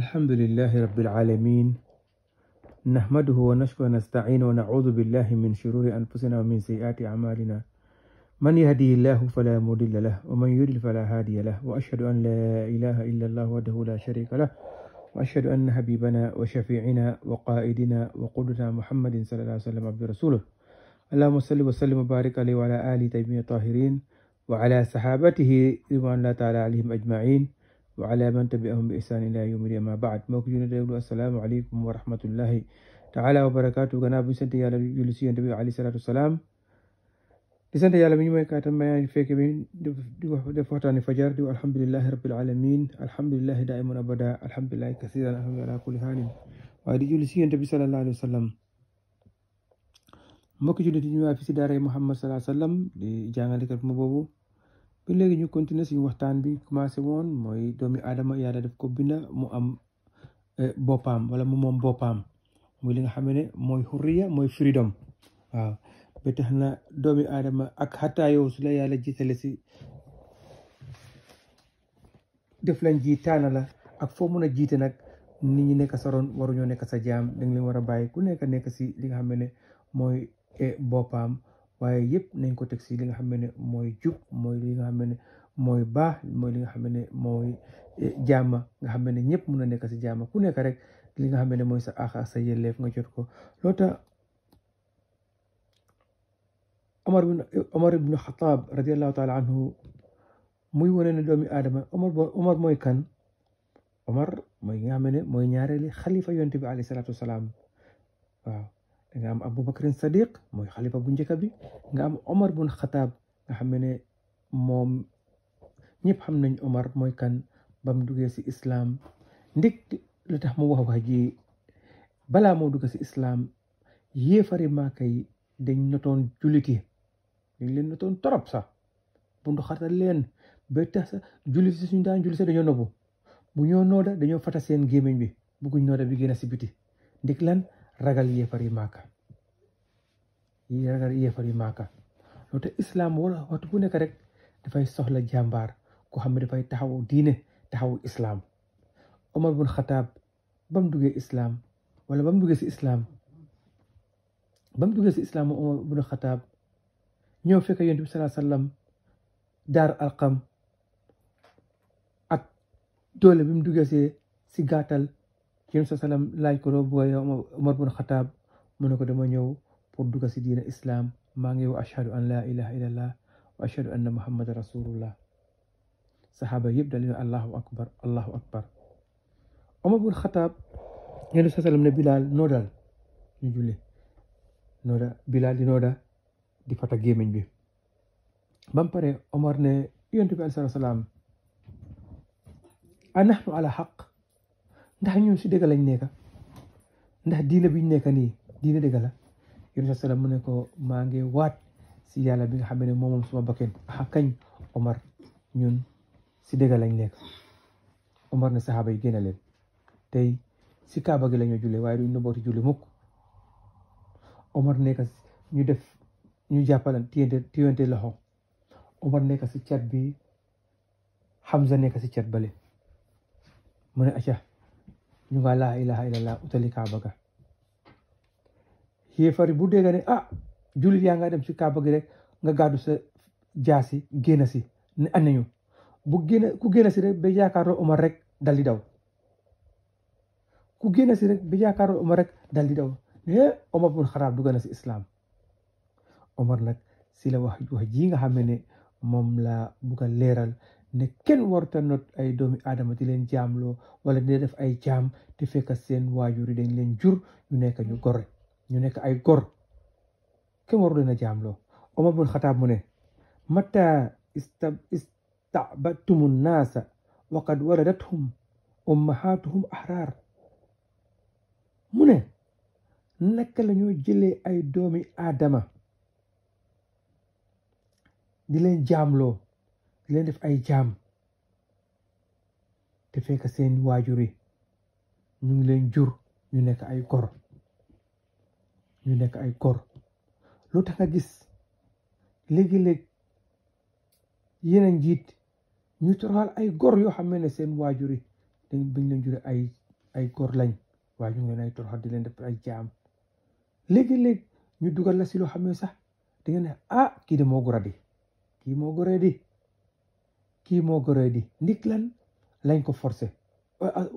الحمد لله رب العالمين نحمده ونشكر ونستعين ونعوذ بالله من شرور أنفسنا ومن سيئات أعمالنا من يهدي الله فلا مضل له ومن يضلل فلا هادي له وأشهد أن لا إله إلا الله وحده لا شريك له وأشهد أن حبيبنا وشفيعنا وقائدنا وقدوتنا محمد صلى الله عليه وسلم عبد رسوله اللهم صل وسلم وبارك عليه وعلى آله الطيبين الطاهرين وعلى صحابته رضوان الله تعالى عليهم أجمعين وعلى من تبعهم بإحسان إلى يوم الدين ما بعد موكلين السلام عليكم ورحمة الله تعالى وبركاته غنا بسنت يالا يلسي النبي عليه الصلاة والسلام بسنت يالا من يمكن كاتم ما يفك بين دفوتان فجر دو الحمد لله رب العالمين الحمد لله دائما أبدا الحمد لله كثيرا الحمد لله كل حال وعلى يلسي النبي صلى الله عليه وسلم موكلين النبي في سيدار محمد صلى الله عليه وسلم دي جانا ba léegi ñu continuer suñu waxtaan bi commencé woon mooy doomi aadama yàlla def ko binda mu am eh, boppam wala mu moom boppam muy li nga xam ne mooy xurriya mooy freedom waaw ba tax na doomi aadama ak xataa yow su yàlla jiitale si def lañ jiitaana la ak foo mën a jiite nag nit ñi nekk sa ron waruñoo nekk sa jaam da nga war a bàyyi ku nekk nekk si li nga xam ne mooy eh, boppam waaye yëpp nañ ko teg si li nga xam ne mooy jub mooy li mooy baax li nga xam ne mooy eh, jàmm nga xam ne ñëpp mun a nekk si jàmm ku nekk rek li nga xam ne mooy sa àq ak sa yelleef nga jot ko loolu tax Omar Omar ibnu Xataab radiallahu taala anhu muy wane ne doomi aadama Omar Omar mooy kan Omar mooy nga xam ne mooy ñaareeli xalifa yonte bi alayhi salaatu wasalaam waaw nga am Aboubacar Sadiq mooy xalifa bu njëkk bi nga am Omar bun Xataab nga xam ne moom ñëpp xam nañ Omar mooy kan bam duggee si islaam ndik lu tax mu wax wax ji balaa moo dugg si islaam yéefari Màkka yi dañ notoon julliti dañ leen notoon torop sax bundu xatal leen ba tax sa jullit si daan jullit si dañoo nëbbu ñoo nooda dañoo fata seen gémmiñ bi bugguñ nooda bi gën a si biti lan ragal yéefar yi ragal yéefar yi màkka loolu te waxtu bu nekk rek dafay soxla jàmbaar koo xam ne dafay taxaw diine taxaw islam Omar bun Xataab bam mu duggee islaam wala ba mu duggee si islam ba mu duggee si Xataab ñëw fekk yonent bi salaa daar alqam ak doole bi duggee si si كيم صلى الله عليه وسلم عمر بن الخطاب من قدام يو بردوك سيدنا الإسلام ما يو أشهد أن لا إله إلا الله وأشهد أن محمد رسول الله صحابة يبدأ لنا الله أكبر الله أكبر عمر بن الخطاب يقول صلى الله عليه وسلم نبلال نودال نجولي نودا بلال نودا دي فتا جيمين بي بامبري عمر نه يونتبي عليه الصلاه والسلام أنحن على حق ndax ñun si dëgg lañ nekk ndax diina biñ nekk nii diina dëgg la yonent salaam mu ne ko maa ngi waat si yàlla bi nga xam ne moom suma bakkan a kañ Omar ñun si dëgg lañ nekk Omar ne saxaaba yi génn si kaaba gi la ñoo jullee waaye duñ nëbbooti julli mukk Omar nekk ñu def ñu jàppalan tiyante tiyante loxo Omar nekk si cat bi Hamza nekk si cat bale mu ne acca ñu nga laa ilaha illallah utali kaaba ga yéefari bu dégg ne ah jullit yaa nga dem si kaaba gi rek nga gàddu sa jaasi génn si ne an bu génn ku génn si rek ba yaakaaroo Omar rek dal di daw ku génn si rek ba yaakaaroo Omar rek dal di daw ne Omar bun Xataab dugg si islaam Omar nag si la wax wax nga xam ne moom la buga a leeral ne ken wortanno ay domi adama di len jaamlo walla nde def ay jaam te feka sen wajuri den len jur ñu neka ñu gore ñu neka ay gor ken warudena jaamlo omar bun xataab mu ne matta istabatum nnasa waqad waladathum ummahatuhum ahrar mu ne naka la ñoo jële ay doomi adama di leen jaamloo di leen def ay jaam te fekk seen waajur yi ñu ngi leen jur ñu nekk ay góor ñu nekk ay góor loo tax a gis léegi-léeg yeneen njiit ñu toroxal ay góor yoo xam ne seen waajur yi biñ leen jure ay ay góor lañ waaye ñu ngi leen toroxal di leen def ay jaam léegi-léeg ñu dugal la si loo xam ne sax da ngeen ne ah kii de moo góor a di kii moo góor a di kii moo gërëy di ndik lan lañ ko forcé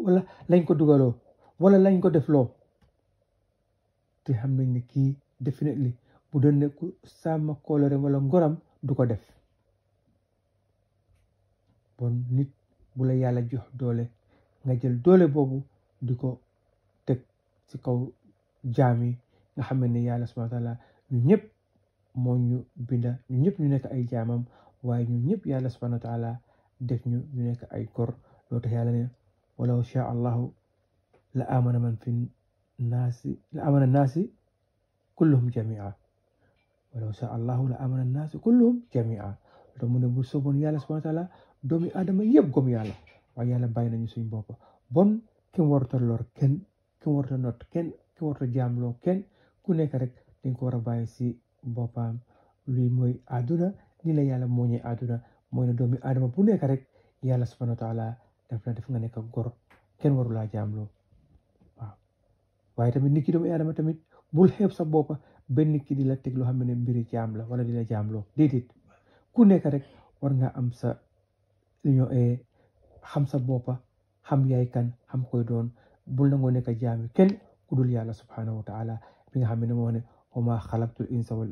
walla lañ ko dugaloo wala lañ ko def defloo te xam nañ ne kii definitely bu doon ne ku sàmm kóolóoreem wala du ko def bon nit bu la yàlla jox doole nga jël doole boobu di ko teg ci kaw jaam yi nga xam ne yàlla subhaanahu wa taala ñu ñëpp moo ñu binda ñu ñëpp ñu nekk ay jaamam waaye ñun ñëpp yàlla subhanahu wa taala def ñu ñu nekk ay gor loo tax yàlla ne walaw shaa allahu la amana man fi naasi la amana naasi kulluhum jamia walaw shaa allahu la amana naasi kulluhum jamia loo tax mu ne bu soboon yàlla subhanahu la taala doomi aadama yëpp gom yàlla waaye yàlla bàyyi nañu suñ bopp bon kenn warta lor ken kenn warta not kenn ken ku nekk rek dañ ko war a bàyyi si boppam luy mooy àdduna ni la yàlla mooñee àdduna mooy ne doomi aadama bu nekk rek yàlla subhanahu wa taala daf def nga nekk gor kenn waru laa jaamloo waaw waaye tamit nit ki doomi aadama tamit bul xeeb sa boppa benn nit ki di la teg loo xam ne mbiri jaam la wala di la jaamloo déedéet ku nekk rek war nga am sa ñoo eh, xam sa boppa xam yaay kan xam koy doon bul nangoo nekk jaami kenn ku dul yàlla subhanahu wa taala nga xam ne ne wa maa xalaqtul insa wal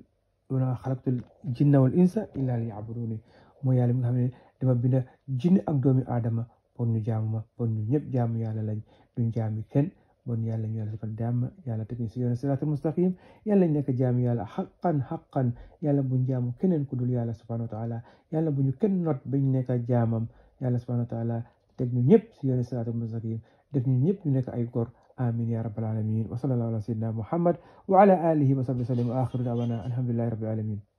wa xalaqtul jinna wal illaa illa liya'buduni mooy yàlla mi nga xam ne dama bind jinne ak doomi aadama pour ñu jaamu ma pour ñu ñëpp jaamu yàlla lañ duñ jaami kenn bon yàlla ñu yàlla safal damm yàlla teg ñu si yoon siraatul mustaqim yàlla ñu nekk jaamu yàlla xaqan xaqan yàlla buñ jaamu keneen ku dul yàlla subhanahu wa taala yàlla bu ñu kenn not bañ nekk jaamam yàlla subhanahu wa taala teg ñëpp si yoon siraatul mustaqim def ñu ñëpp ñu nekk ay góor آمين يا رب العالمين وصلى الله على سيدنا محمد وعلى آله وصحبه وسلم وآخر دعوانا الحمد لله رب العالمين